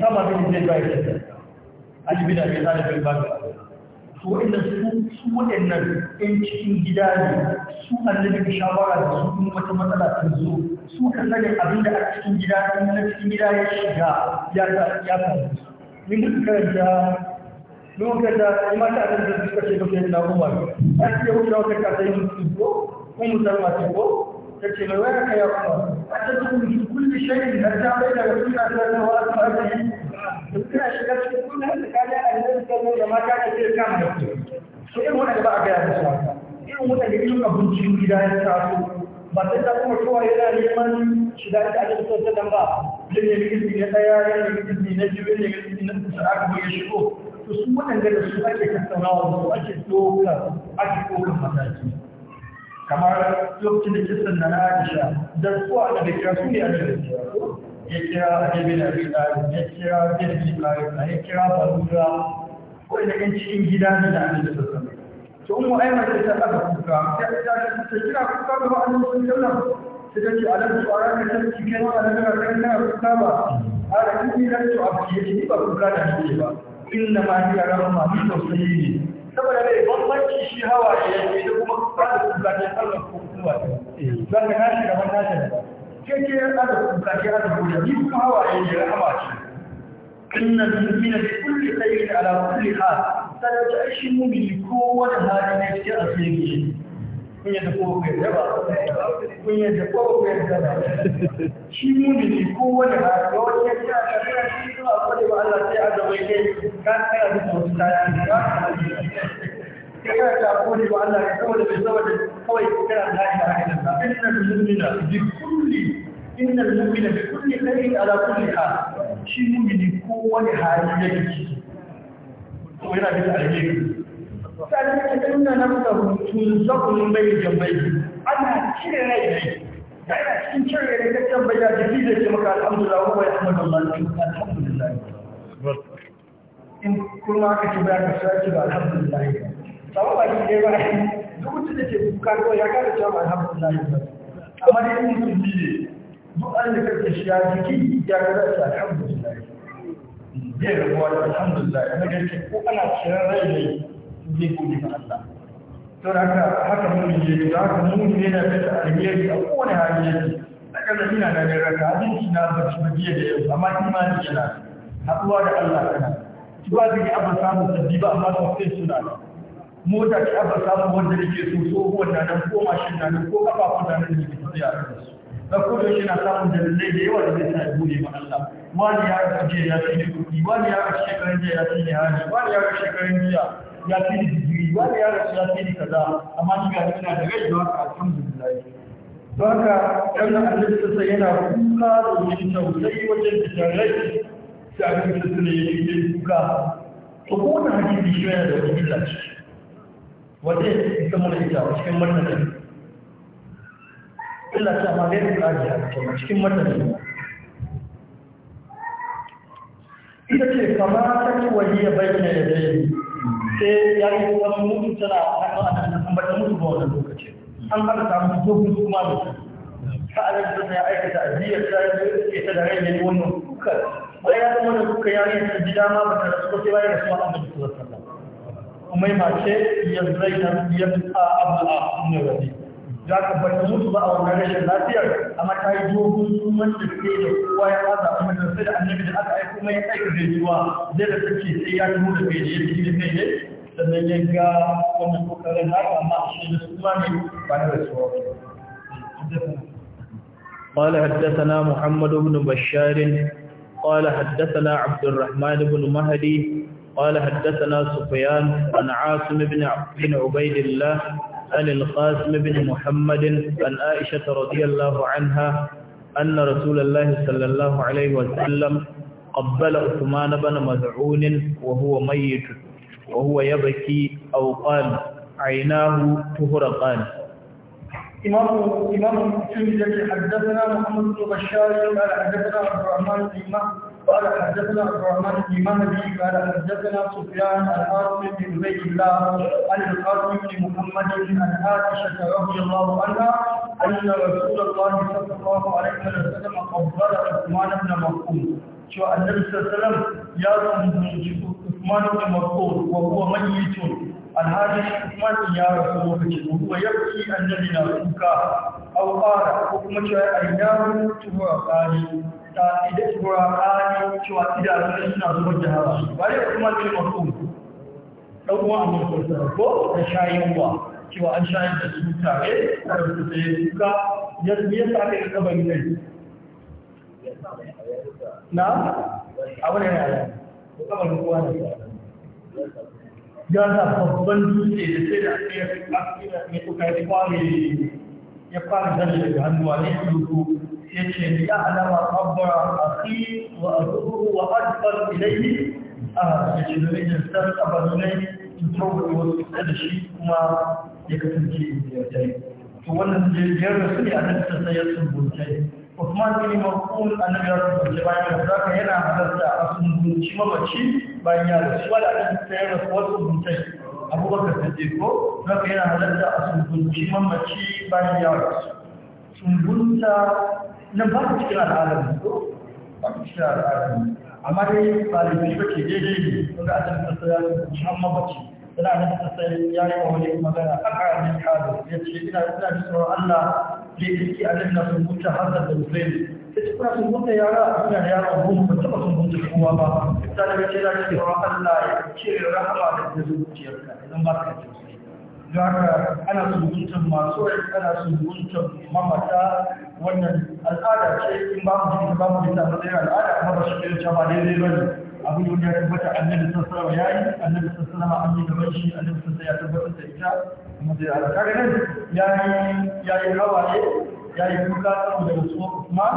sama bin zai bai da Ali bin Abi Talib su su wadannan ɗan cikin gida ne su annabi shawara da su kuma wata matsala ta zo su ka sani abinda a cikin gida na cikin gida ya shiga ya ta ya ta min karanta lokacin da mata ce ce ya wuce wata ko ko mai kai kuma a cikin kullu shay'in hatta bai da wata ta arziki in kana shiga cikin kuna da kaji annabi sallallahu da mata da so ba a gaya musu haka irin wanda da gida ya ba sai kuma kowa yana neman shiga da ba yin ne daya yana izini na biyu shigo to su da su ake tattaunawa su ake dokar ake dokar mataki kamar lokacin da kisan na Aisha su a da kira su ne a ya kira ajabin abin ya kira jirgin ƙarfi ya kira barura wanda kan cikin gida ne da an da sassan to mu ai mai ta aka kuka ta ta ta kira kuka ga wa'annan sun tauna ta ta ce alam su ara ka san ki kai ala da kan na kuka ba ala kin yi to abki yake ni ba kuka da ni ba inna ma hi rahma ni to ne saboda dai bambanci shi hawa ya yi da kuma kuka da kuka ta kallon kuka ba dan ka shiga wannan da keke ada kuka ke ada kuka ni kuma hawaye ne rahama ce inna mu'mina bi kulli shay'in ala kulli hal sai ta shi mu'mini ko wani hali ne ke a cikin kun yadda ko ku yadda ba kun yadda ko ku yadda ba shi mu'mini ko wani hali wani ya ce a cikin shi ko Allah sai a gaba kai ka kai da wasu tayi ka kana ta gode wa kawai da ilaha illallah bi bi ala kulli hal shi mu'mini ko wani hali yake ciki to yana da alheri sai ka tunna na ka tun zakun bai jambai ana cire rai ne da ina cikin cire rai ka tambaya jiki da ke maka alhamdulillah wa alhamdulillah alhamdulillah in kuma aka ci baya ka sake ba alhamdulillah sama ba ki ba duk mutum da ke kuka kawai ya kada cewa alhamdulillah ba amma dai in mutum ne duk an da kake shi ya jiki ya kada shi alhamdulillah zai rabuwa da alhamdulillah kuma da ko ana rai ne zai Allah don haka haka mun je da haka mun ne da ta alheri a kowane hali yake daga da ina da raka abinci na da yau amma imani yana haɗuwa da Allah kana ba zai abin samun sabbi ba amma sosai suna mota ta aka samu wanda da ke so tsohuwan na nan ko mashin na nan ko kafafun na nan da ke tafiya a kan da na kodo shi na samun dalilai da yawa da zai sa bude ma Allah wani ya rasa jiya ya fi kuɗi wani ya rasa shekarun jiya ya fi hali wani ya rasa shekarun jiya ya fi digiri wani ya rasa ya fi kaza amma ni ga ina da rai da haka alhamdulillah don haka ɗan annabi sai yana kuka da domin tausayi wajen fitar rai sai abin sassa ne ya fi kuka Ko kowane hadisi shi yana da wani illa wanda ya mana ita a cikin martanin Allah ta ma laifin ajiya a cikin martanin ita ce kama ta kiwaye bayyana ya da dai sai ya yi wani mutu tana hannun a nan an bata mutu ba wani lokaci an haɗa samun dogon kuma da ta sa'adar da ya aikata ajiyar ta yi ke ta da rai ne wannan kukar bayan ya zama da kuka yanayin ta ji dama ba ta rasu ba sai bayan rasuwa an mutu sallallahu umaima ce ya zaina ya a abu a ne wani za ka bata mutu ba a wannan rashin lafiyar amma ta yi dogon suman da ke da kowa ya kaza a mutum sai da annabi da aka aiko mai aiki zai zuwa zai da take sai ya tuhu da kai da ya tuhu da kai ne sannan ya ga wani kokarin haka amma a shi da suwa ne ba na rasuwa قال حدثنا محمد بن بشار قال حدثنا عبد الرحمن بن مهدي قال حدثنا سفيان عن عاصم بن بن عبيد الله عن القاسم بن محمد عن عائشة رضي الله عنها أن رسول الله صلى الله عليه وسلم قبل عثمان بن مذعون وهو ميت وهو يبكي أو قال عيناه تهرقان إمام إمام الترمذي حدثنا محمد بن بشار قال حدثنا عبد الرحمن بن قال حدثنا عبد الرحمن بن مهدي قال حدثنا سفيان عن عاصم بن عبيد الله عن القاسم بن محمد عن عائشه رضي الله عنها ان رسول الله صلى الله عليه وسلم قبل عثمان بن مفعول شو النبي صلى الله عليه وسلم يا عثمان بن مفعول وهو ميت alhali Usman ya rasu lokacin ruwa ya fi annabi na kuka au ƙara ko kuma cewa ayyamu tuwa ƙari ta idan buraqani cewa idanun suna jihar da hawa bare kuma ne mafhum dan uwa amma ko ko da wa. cewa an shayar da su tare da su sai suka yanzu ya sa kai gaban ne na abu ne ya ko gaban kowa ne ya sa babban dutse da sai da aka yi aka yi ko kai kwari ya fara zane daga hannuwa ne duhu ya ce ya alama abuwa a fi wa a zuru wa adbar ilaihi a ah, da ce domin yin san abalunai in tauri wasu kusa da shi kuma ya kasance ziyartai to wannan ziyar da su ne a nan ta sayar sun buntai Usman bin Mafun annabi ya rubuta bayan da zaka yana halarta a sun bunci mamaci bayan ya rasu wala an sayar da wasu buntai abubakar ta ce ko haka yana halatta a sumbunci mamaci bayan ya rasu sumbunta nan ba su cikin al'adar ko ba su cikin al'adar amma dai ba da yi ba ke daidai ne wanda ajin sassa ya da har mamaci yana nan sassa ya yi kawai wani magana a ƙaramin kado ya ce ina ina ji tsoron allah ya iske a nan na sumbunta har da zai duk kuna sun gunta yara a kan yara gun ba taba sun gunta kowa ba ta daga ce zaki ce wa Allah ya ce rahama da ta zuciyarka idan ba ka ji don haka ana sumbuntan masu rai ana sumbuntan mamata wannan al'ada ce in ba mu ji ba mu ji ta matsayin al'ada amma ba shi ta ba daidai ba ne abin da ya tabbata annabi sassarama ya yi annabi sassarama an yi gaban shi annabi sassarama ya tabbatar ita kuma sai alƙarin ya yi hawaye ya yi kuka saboda rasuwar Usman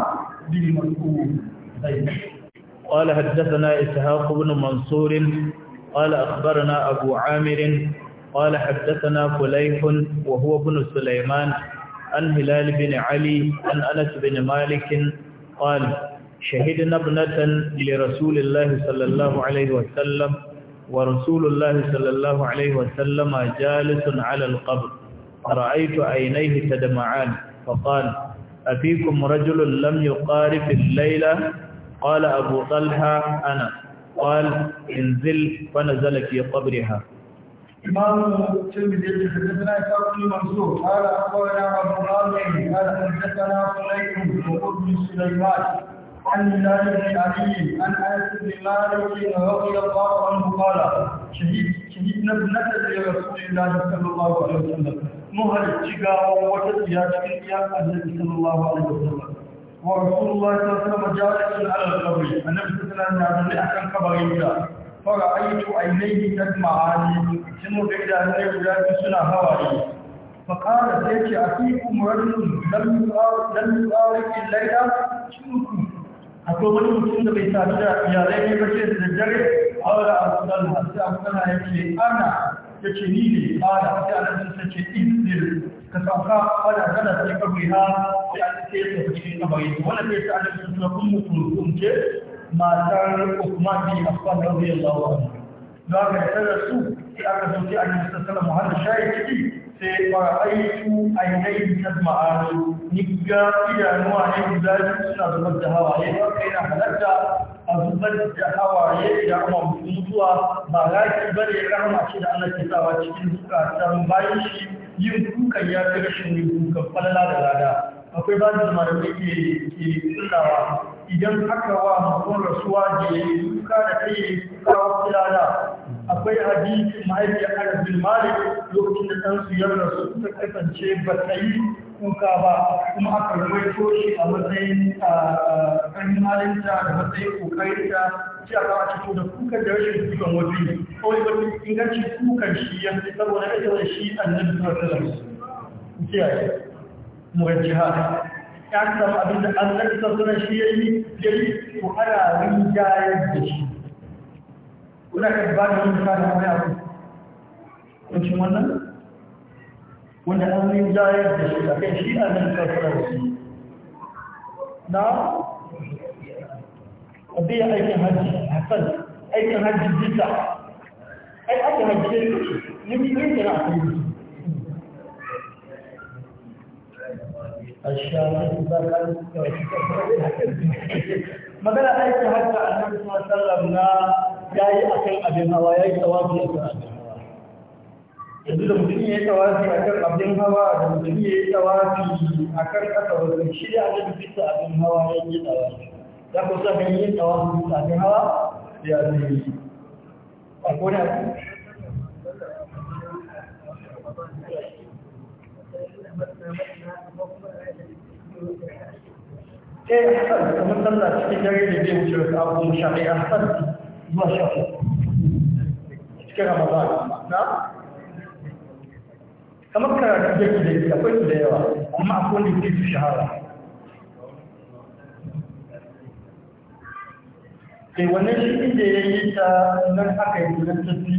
bin Mas'ud Zaid قال حدثنا إسحاق بن منصور قال أخبرنا أبو عامر قال حدثنا فليح وهو ابن سليمان عن هلال بن علي عن أنس بن مالك قال شهدنا ابنة لرسول الله صلى الله عليه وسلم ورسول الله صلى الله عليه وسلم جالس على القبر رأيت عينيه تدمعان فقال أفيكم رجل لم يقارف الليلة قال أبو طلحة أنا قال انزل فنزل في قبرها إمام الترمذي حدثنا إسحاق بن منصور قال أخبرنا أبو عامر قال حدثنا قليل بن سليمان عن هلال بن علي عن أنس بن مالك رضي الله عنه قال شهدنا ابنة لرسول الله صلى الله عليه وسلم muhalicci gawa wata tsiya cikin iyan annabi sallallahu alaihi wasallam wa rasulullahi sallallahu alaihi wasallam jalisun ala kabri annabi sallallahu alaihi wasallam ya akan kabarinta fara aitu ainihi tadma'ani sun ga idanun guda suna hawaye فقال سيك أتيكم رجل لم da الليلة شنكم أكو من مسلم بي سابدا يا ليني بشير الجري أولا أرسلها سأرسلها يكي أنا ya ce ni ne ba da wata alamun ta ce izir ka sauka wadda kada ta yi kabri ha sai a ce ya tafi cikin kabari wanda ta yi ta alamun suna kun mutu kun ce matar Uthman bin Affan radiyallahu anhu da ga tsara su sai aka sauke annabi sallallahu alaihi wasallam har shayi sai wa aitu ainai tadma'aru nigga idanuwa ne guda suna zubar da hawaye kai na halatta a zubar da hawaye da kuma mutuwa ba raki ba da rahama ce da ana ke cikin zukatan bayan shi yin kukan ya fi rashin yin kukan falala da lada akwai ba da malamai ke ke tsunawa idan aka wa mutum rasuwa da ya yi duka da kai ya yi kuka wa kilala akwai hadisi mahaifiyar anas bin malik lokacin da ɗansu ya rasu ta kasance ba ta yi kuka ba kuma aka rawaito shi a matsayin ƙarfin halinta da matsayin ƙoƙarinta sai a kawo ciko da kuka da rashin kukan wajen kawai wani inganci kukan shi yanzu fi saboda ita da shi annabi sallallahu alaihi wasallam kiyaye murjiha ya samu abin da an zarta suna shi ya yi ko ana rinjayar da shi kuna kan ba da wani da wani abu kuncin wannan wanda an rinjayar da shi a kai shi a nan karfarar shi. na abin ya aikin hajji hasan aikin hajji jita ai aikin hajji ne ne ne ne ne ne magana aiki haka a nan kuma sallam na ya yi a abin hawa ya yi tawafi a abin hawa yanzu da mutum ya yi tawafi a kan abin hawa da mutum ya yi tawafi a da abin hawa ya yi tawafi za ku sa yi abin hawa ya zai yi a gona Thank eh hasan kamar sallah cikin dare da zai wuce wasu abubuwan sha ɗaya hasan zuwa sha cikin ramadan na kamar karatu da ke da akwai su da yawa amma akwai wanda ke su shahara kai wannan shi inda ya yi ta nan aka yi nan tafi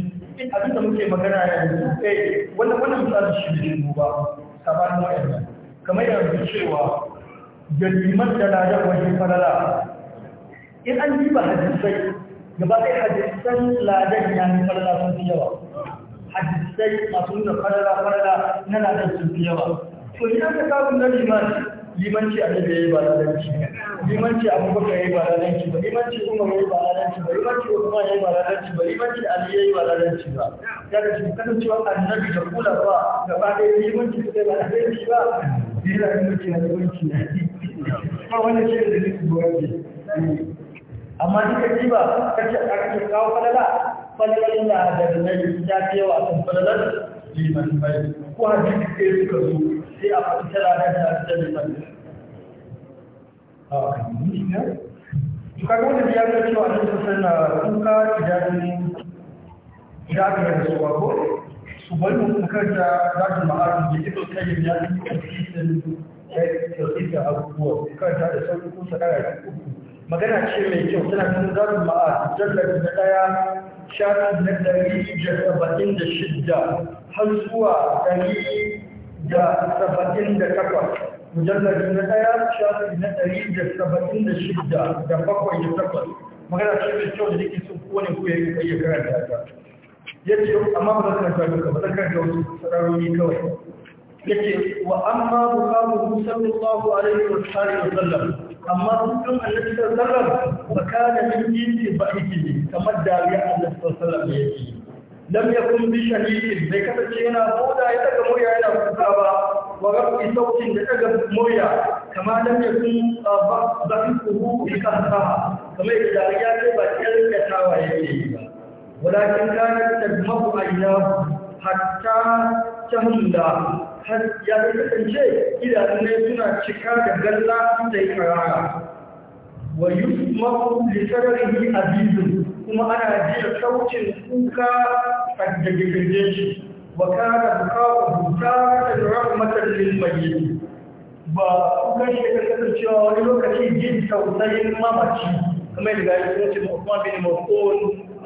abin da muke magana yanzu kai wannan wannan misali shi ne shi ba sabanin wa'annan kamar yanzu cewa jaliman da na ya wajen farala in an yi diba hadisai gaba ɗaya hadisan ladan ya yi farala sun fi yawa hadisai masu nuna farala farala na ladan sun fi yawa to idan ka samu na liman limanci annabi yi ba lalanci ba limanci abubakar yayi ba lalanci ba limanci umar yi ba lalanci ba limanci usman yi ba lalanci ba limanci ali yi ba lalanci ba ya da shi kasancewa annabi da kula ba gaba ɗaya limanci su kai ba lalanci ba jira inda ke da banki ba wani shi da zai amma ba kace a kawo falala da nabi ce wa kan falalar bai ko suka zo sai a da da ni ne kaga ya cewa annabi sallallahu alaihi wasallam kuka idan idan rasuwa ko su bari mu karanta zafin ma'arun da ibn kayyim ya yi tafsirin tafsirin abubuwa karanta da sauƙi ko sadara uku magana ce mai kyau tana cikin zafin ma'arun jallabi na ɗaya shafi na ɗari da saba'in da shidda har zuwa ɗari da saba'in da takwas mujallabi na ɗaya shafi na ɗari da saba'in da shidda da bakwai da takwas magana ce mai kyau da nake so kowane ku ya yi karanta ta ya amma ba zan karanta duka ba zan da wasu sararori kawai ya wa amma bukamu sallallahu alaihi wa sallam sallam amma dukkan annabi sallallahu alaihi wa sallam ba kana min ba yake kamar dariya annabi sallallahu alaihi wa sallam yake lam yakun bi shahidin bai kasance yana koda ya daga murya yana kuka ba wa rabbi sautin da daga murya kama lam yakun ba ba kuhu bi kansa kamar da dariya ce ba ta rinka tawa yake ولكن كانت تذهب أيام حتى تهملا har ya bai kasance idanunai suna cika da galla da karara wa yusmaku li sararihi azizun kuma ana jin sautin kuka a girgirje shi wa kana bukawa buka da rahmatan lil mayyit ba kukan shi ka kasancewa wani lokaci jin tausayin mamaci kamar da ga yi sun ce Muhammad bin Mas'ud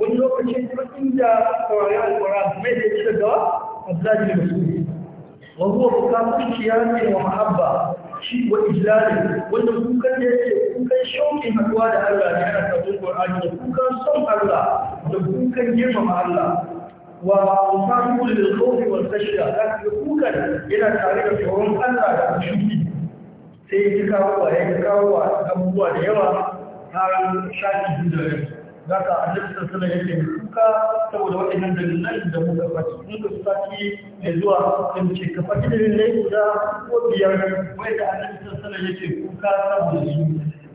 wani lokacin kuma inda saurari alƙur'an mai da shi daga abdullahi da su wa huwa bukatun kiyami wa mahabba shi wa wanda kukan da yake kukan shauƙin haɗuwa da Allah ne yana sabbin Qur'ani da kukan son Allah da kukan girmama Allah wa musamman lil khawfi wal khashya zaka kukan yana tare da tsoron Allah da kushi sai ya kawo wa ya kawowa abubuwa da yawa har shafi da za ka annabi sallallahu yake suka saboda waɗannan dalilan da muka faɗi in ka saki ne zuwa in ce ka faɗi dalilai guda ko biyar wai da annabi sallallahu yake kuka saboda su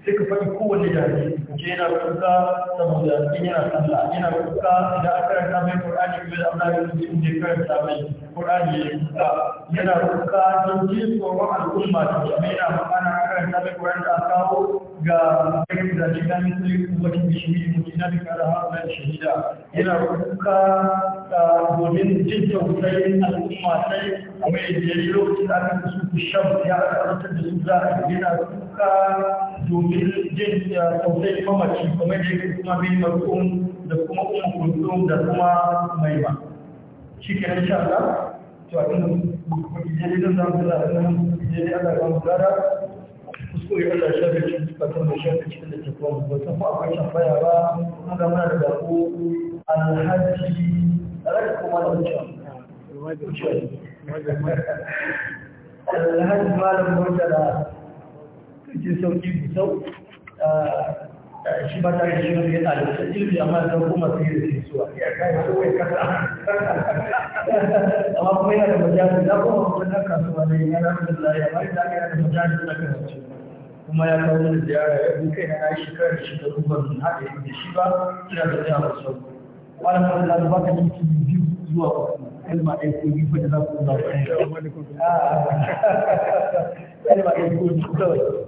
sai ka faɗi kowanne yare je yana kuka saboda in yana sallah yana kuka idan aka karanta mai qur'ani ko da Allah da rubuta in karanta mai qur'ani ya kuka yana kuka don ji tsoron al'umma da kuma yana magana a karanta mai qur'ani da kawo ga kai da jina misali kuma kin shi mu ina bi kada ha da shahida yana kuka ah, domin jin tausayin al'umma sai kuma yaje lokacin da aka su ku shan ya aka da su za a yana kuka domin jin eh, tausayin mamaci kuma da yake kuma bin marhum da kuma umar kulsum da kuma mai ba shi ke nan sha'ala to a ɗin jere nan za mu zara nan jere ala ba mu zara kuskure ala shafi cikin tukatun da shafi cikin da ta tukatun ba ta fa akwai tambaya ba kuma ga mana da ko alhaji alhaji kuma da wuce alhaji malam murtala cikin sau busau eh, shi ba tare shi yana da ilimi amma da kuma sai da shi suwa ya kai so wai kasa amma kuma yana da kuma kuma na kasuwa ne ya rahmatullahi ya bari da yana da majalisa da kasuwa kuma ya kawo da ziyara ya bi kai na da shekaru ban haɗe da shi ba ina da tsaya da sau wannan kuma da ba ka miki biyu zuwa uku kalma ɗaya ko biyu fa da za ku ba ah. kalma ɗaya ko biyu kawai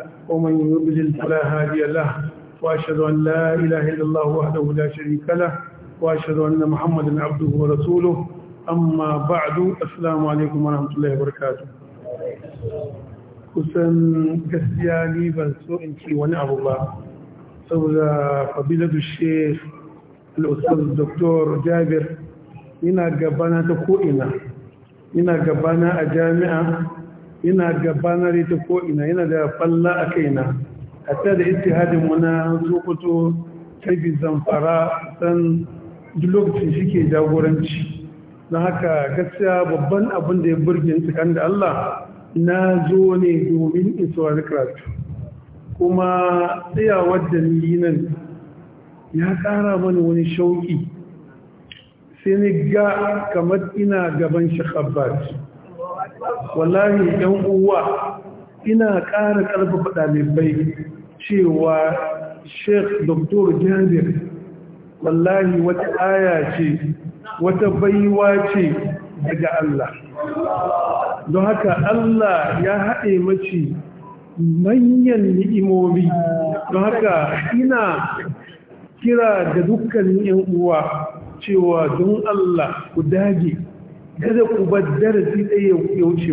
ومن يضلل فلا هادي له وأشهد أن لا إله إلا الله وحده لا شريك له وأشهد أن محمدا عبده ورسوله أما بعد السلام عليكم ورحمة الله وبركاته kusan gaskiya ni ban so in ce wani abu ba saboda fadilatu sheikh al'usar dr jabir yana gabana ta ko'ina yana gabana a jami'a ina gabanar ita ko ina yana da falla a kaina hatta da ittihadin mu na sokoto tarbi zamfara don duk lokacin shi ke jagoranci na haka gaskiya babban abin da ya burge tsakan da Allah na zo ne domin in saurari karatu kuma tsayawar da ni nan ya kara mani wani shauki sai ni ga kamar ina gaban shi wallahi yan uwa ina ƙara ƙarfafa ɗalibai cewa sheikh dr jabir wallahi wata aya ce wata baiwa ce daga Allah don haka Allah ya haɗe mace manyan ni'imomi don haka ina kira da dukkan 'yan uwa cewa don Allah ku dage kada ku bar darasi ɗaya ya wuce